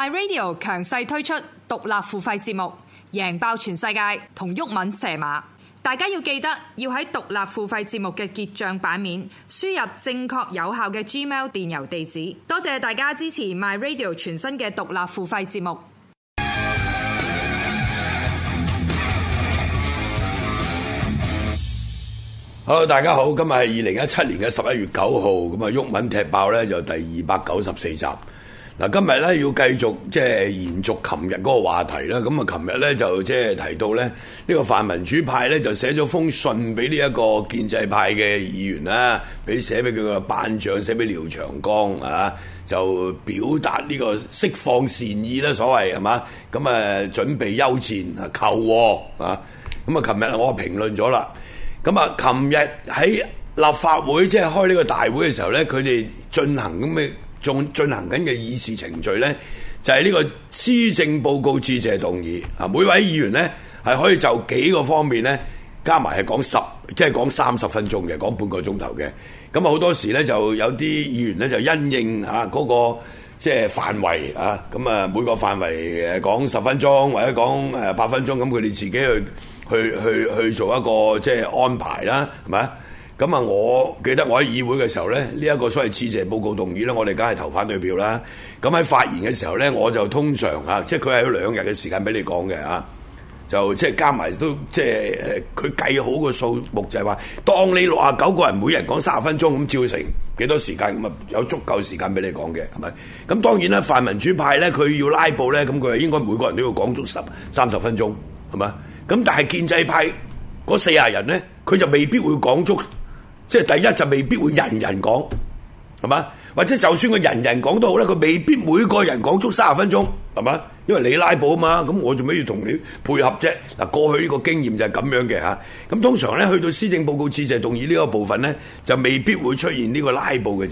My Radio 強勢推出獨立付費節目，贏爆全世界！同毓民射馬，大家要記得要喺獨立付費節目嘅結賬版面輸入正確有效嘅 Gmail 電郵地址。多謝大家支持 My Radio 全新嘅獨立付費節目。Hello，大家好，今日係二零一七年嘅十一月九號，咁啊，毓民踢爆咧就第二百九十四集。嗱，今日咧要繼續即係延續琴日嗰個話題啦。咁啊，琴日咧就即係提到咧呢個泛民主派咧就寫咗封信俾呢一個建制派嘅議員啦，俾寫俾佢個班長，寫俾廖長江，啊，就表達呢個釋放善意啦，所謂係嘛？咁啊，準備休戰啊，求和啊。咁啊，琴日我評論咗啦。咁啊，琴日喺立法會即係開呢個大會嘅時候咧，佢哋進行咁嘅。仲進行緊嘅議事程序呢，就係、是、呢個施政報告致謝動議啊！每位議員呢，係可以就幾個方面呢，加埋係講十，即係講三十分鐘嘅，講半個鐘頭嘅。咁啊好多時呢，就有啲議員呢，就因應啊嗰、那個即係、就是、範圍啊，咁啊每個範圍誒講十分鐘或者講誒八分鐘，咁佢哋自己去去去去做一個即係、就是、安排啦，啊，係咪啊？咁啊！我記得我喺議會嘅時候咧，呢、這、一個所謂致謝報告動議咧，我哋梗係投反對票啦。咁喺發言嘅時候咧，我就通常啊，即係佢係有兩日嘅時間俾你講嘅啊，就即係加埋都即係誒，佢計好個數目就係話，當你六啊九個人每人講三十分鐘咁，照成幾多時間咁啊？有足夠時間俾你講嘅係咪？咁當然啦，泛民主派咧佢要拉布咧，咁佢應該每個人都要講足十三十分鐘係咪？咁但係建制派嗰四啊人咧，佢就未必會講足。即係第一就未必會人人講，係嘛？或者就算個人人講都好咧，佢未必每個人講足三十分鐘，係嘛？因為你拉布啊嘛，咁我做咩要同你配合啫？嗱，過去呢個經驗就係咁樣嘅嚇。咁、啊、通常咧，去到施政報告置就係同意呢個部分咧，就未必會出現呢個拉布嘅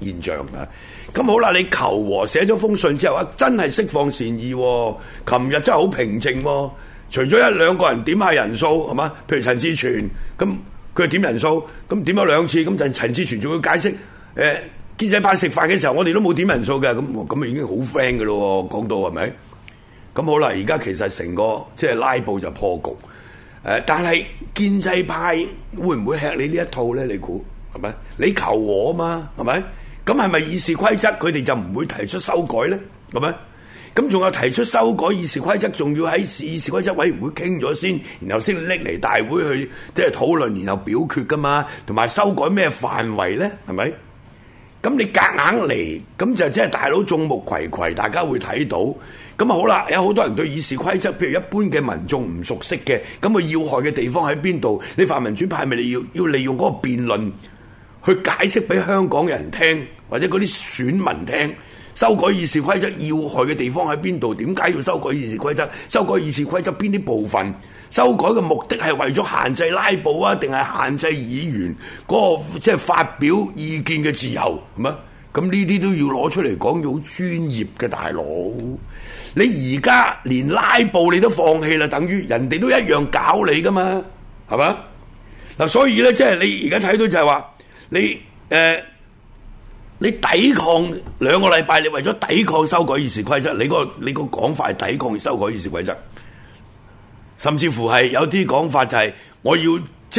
現象啦。咁、啊啊、好啦，你求和寫咗封信之後啊，真係釋放善意喎，琴、啊、日真係好平靜喎、啊，除咗一兩個人點下人數，係嘛？譬如陳志全咁。啊佢點人數？咁點咗兩次，咁就陳志全仲要解釋。誒、呃、建制派食飯嘅時候，我哋都冇點人數嘅，咁咁咪已經好 friend 嘅咯喎，講到係咪？咁好啦，而家其實成個即係拉布就破局。誒、呃，但係建制派會唔會吃你呢一套咧？你估係咪？你求和啊嘛，係咪？咁係咪議事規則佢哋就唔會提出修改咧？係咪？咁仲有提出修改議事規則，仲要喺議事規則委員會傾咗先，然後先拎嚟大會去即係討論，然後表決㗎嘛？同埋修改咩範圍咧？係咪？咁你夾硬嚟，咁就即係大佬眾目睽睽，大家會睇到。咁啊好啦，有好多人對議事規則，譬如一般嘅民眾唔熟悉嘅，咁佢要害嘅地方喺邊度？你泛民主派係咪要要利用嗰個辯論去解釋俾香港人聽或者嗰啲選民聽。修改議事規則要害嘅地方喺邊度？點解要修改議事規則？修改議事規則邊啲部分？修改嘅目的係為咗限制拉布啊，定係限制議員嗰、那個即係、就是、發表意見嘅自由？係嘛？咁呢啲都要攞出嚟講，要好專業嘅大佬。你而家連拉布你都放棄啦，等於人哋都一樣搞你噶嘛？係嘛？嗱，所以咧，即、就、係、是、你而家睇到就係話你誒。呃你抵抗兩個禮拜，你為咗抵抗修改議事規則，你個你個講法係抵抗修改議事規則，甚至乎係有啲講法就係我要即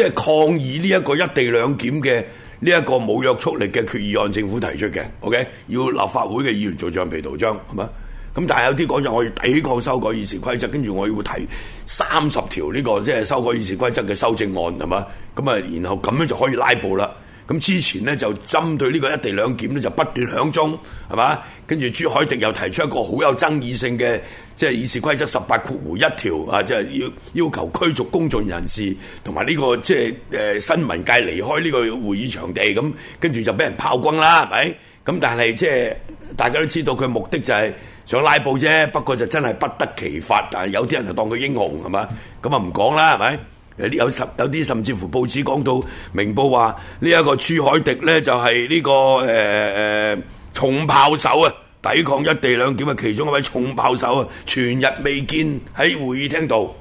係、就是、抗議呢一個一地兩檢嘅呢一個冇約束力嘅決議案，政府提出嘅，OK？要立法會嘅議員做橡皮圖章係嘛？咁但係有啲講就我要抵抗修改議事規則，跟住我要提三十條呢個即係、就是、修改議事規則嘅修正案係嘛？咁啊，然後咁樣就可以拉布啦。咁之前咧就針對呢個一地兩檢咧就不斷響鐘，係嘛？跟住朱凱迪又提出一個好有爭議性嘅，即係議事規則十八括弧一條啊，即、就、係、是、要要求驅逐公眾人士同埋呢個即係誒新聞界離開呢個會議場地，咁跟住就俾人炮轟啦，係咪？咁但係即係大家都知道佢目的就係想拉布啫，不過就真係不得其法，但係有啲人就當佢英雄，係嘛，咁啊唔講啦，係咪？有啲有啲甚至乎報紙講到《明報》話呢一個朱凱迪呢，這個，就係呢個誒誒重炮手啊，抵抗一地兩檢嘅其中一位重炮手啊，全日未見喺會議廳度。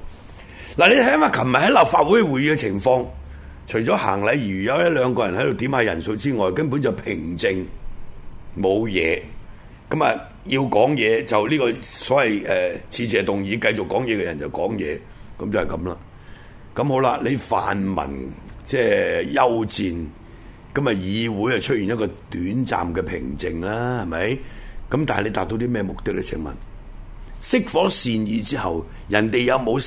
嗱，呃，你睇下琴日喺立法會會議嘅情況，除咗行禮如儀有一兩個人喺度點下人數之外，根本就平靜冇嘢。咁啊，嗯，要講嘢就呢個所謂誒致謝動議繼續講嘢嘅人就講嘢，咁就係咁啦。咁好啦，你泛民即係休戰，咁啊議會啊出現一個短暫嘅平靜啦，係咪？咁但係你達到啲咩目的咧？請問，熄火善意之後，人哋有冇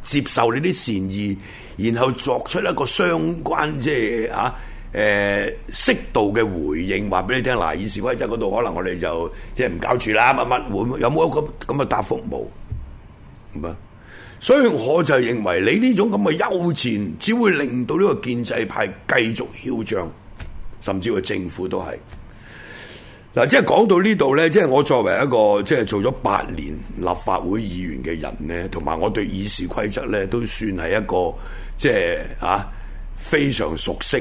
接受你啲善意，然後作出一個相關即係吓誒適度嘅回應，話俾你聽嗱，議事規則嗰度可能我哋就即係唔搞住啦，乜乜會有冇一個咁嘅答覆冇？係嘛？所以我就認為你呢種咁嘅休戰，只會令到呢個建制派繼續囂張，甚至個政府都係。嗱、啊，即係講到呢度咧，即係我作為一個即係做咗八年立法會議員嘅人咧，同埋我對議事規則咧，都算係一個即係啊非常熟悉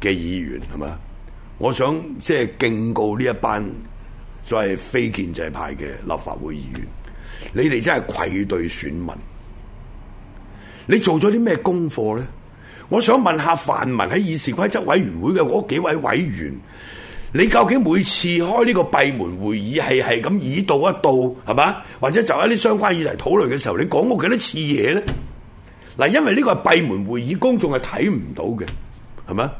嘅議員，係嘛。我想即係敬告呢一班所謂非建制派嘅立法會議員，你哋真係愧對選民。你做咗啲咩功課咧？我想問下泛民喺議事規則委員會嘅嗰幾位委員，你究竟每次開呢個閉門會議係係咁以道一到係嘛？或者就一啲相關議題討論嘅時候，你講過幾多次嘢咧？嗱，因為呢個係閉門會議，公眾係睇唔到嘅，係嘛？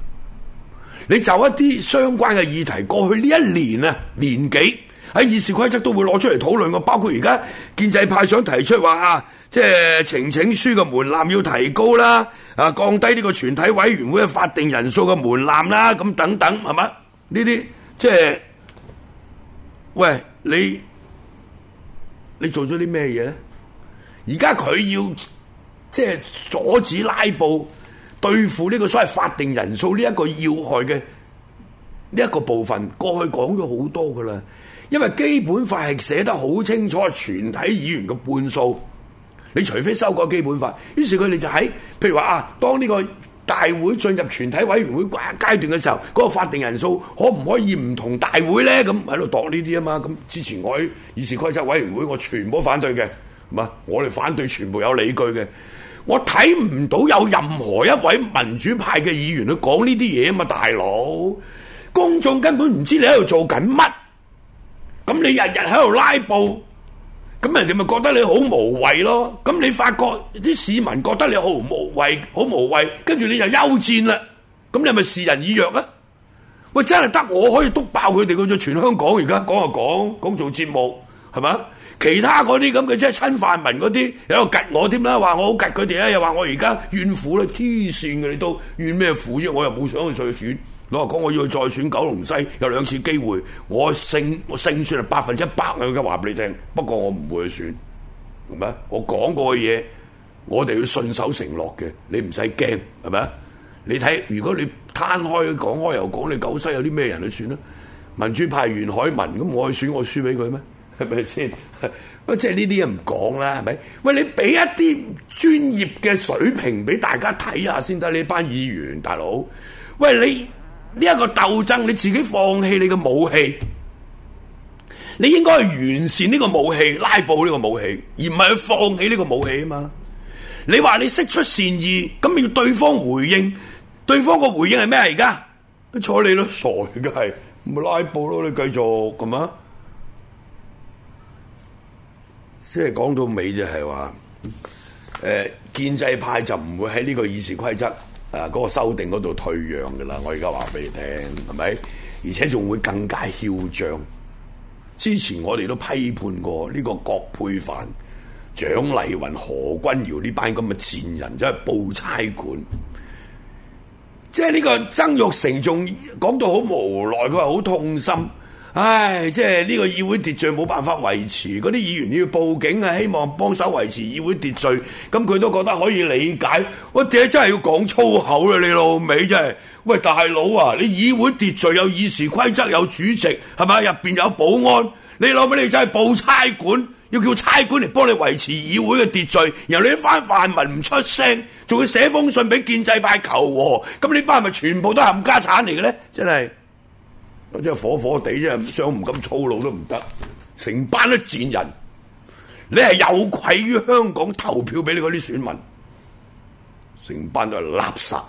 你就一啲相關嘅議題，過去呢一年啊年幾？喺議事規則都會攞出嚟討論嘅，包括而家建制派想提出話啊，即係呈請書嘅門檻要提高啦，啊降低呢個全體委員會嘅法定人數嘅門檻啦，咁、啊、等等係嘛？呢啲即係喂，你你做咗啲咩嘢咧？而家佢要即係、就是、阻止拉布，對付呢個所謂法定人數呢一個要害嘅。呢一個部分過去講咗好多噶啦，因為基本法係寫得好清楚，全體議員嘅半數，你除非修改基本法，於是佢哋就喺譬如話啊，當呢個大會進入全體委員會階段嘅時候，嗰個法定人數可唔可以唔同大會呢？咁喺度度呢啲啊嘛，咁之前我喺議事規則委員會，我全部反對嘅，唔係，我哋反對全部有理據嘅，我睇唔到有任何一位民主派嘅議員去講呢啲嘢啊嘛，大佬。公眾根本唔知你喺度做緊乜，咁你日日喺度拉布，咁人哋咪覺得你好無謂咯？咁你發覺啲市民覺得你好無謂，好無謂，跟住你就休戰啦。咁你咪示人以弱啊？喂，真係得我可以督爆佢哋，我做全香港而家講就講，講做節目係嘛？其他嗰啲咁嘅即係親泛民嗰啲，又喺度吉我添啦，話我好吉佢哋咧，又話我而家怨婦咧，黐線嘅你都怨咩苦啫？我又冇想去受損。老話講，我要去再選九龍西，有兩次機會，我勝，我勝算係百分之一百啊！我而家話俾你聽，不過我唔會去選，係咪？我講過嘅嘢，我哋要信守承諾嘅，你唔使驚，係咪啊？你睇，如果你攤開講開又講，你九西有啲咩人去選啦？民主派袁海文咁，我去選，我輸俾佢咩？係咪先？喂， 即係呢啲嘢唔講啦，係咪？喂，你俾一啲專業嘅水平俾大家睇下先得，呢班議員大佬，喂你。呢一個鬥爭，你自己放棄你嘅武器，你應該去完善呢個武器，拉布呢個武器，而唔係去放棄呢個武器啊嘛！你話你釋出善意，咁要對方回應，對方個回應係咩啊？而家睬你都傻，而家係咪拉布咯？你繼續咁啊？即係講到尾就係、是、話，誒、呃、建制派就唔會喺呢個議事規則。啊！嗰、那個修訂嗰度退讓嘅啦，我而家話俾你聽，係咪？而且仲會更加囂張。之前我哋都批判過呢個郭佩凡、蔣麗芸、何君堯呢班咁嘅賤人，真係報差館。即係呢個曾玉成仲講到好無奈，佢係好痛心。唉，即係呢個議會秩序冇辦法維持，嗰啲議員要報警啊，希望幫手維持議會秩序。咁佢都覺得可以理解。我第日，真係要講粗口啦，你老味真係。喂，大佬啊，你議會秩序有議事規則，有主席係咪？入邊有保安，你老俾你真係報差館，要叫差館嚟幫你維持議會嘅秩序。然後你啲翻泛民唔出聲，仲要寫封信俾建制派求和，咁你班係咪全部都冚家產嚟嘅咧？真係。真係火火地真係，想唔咁粗魯都唔得，成班都賤人，你係有愧於香港投票俾你嗰啲選民，成班都係垃圾。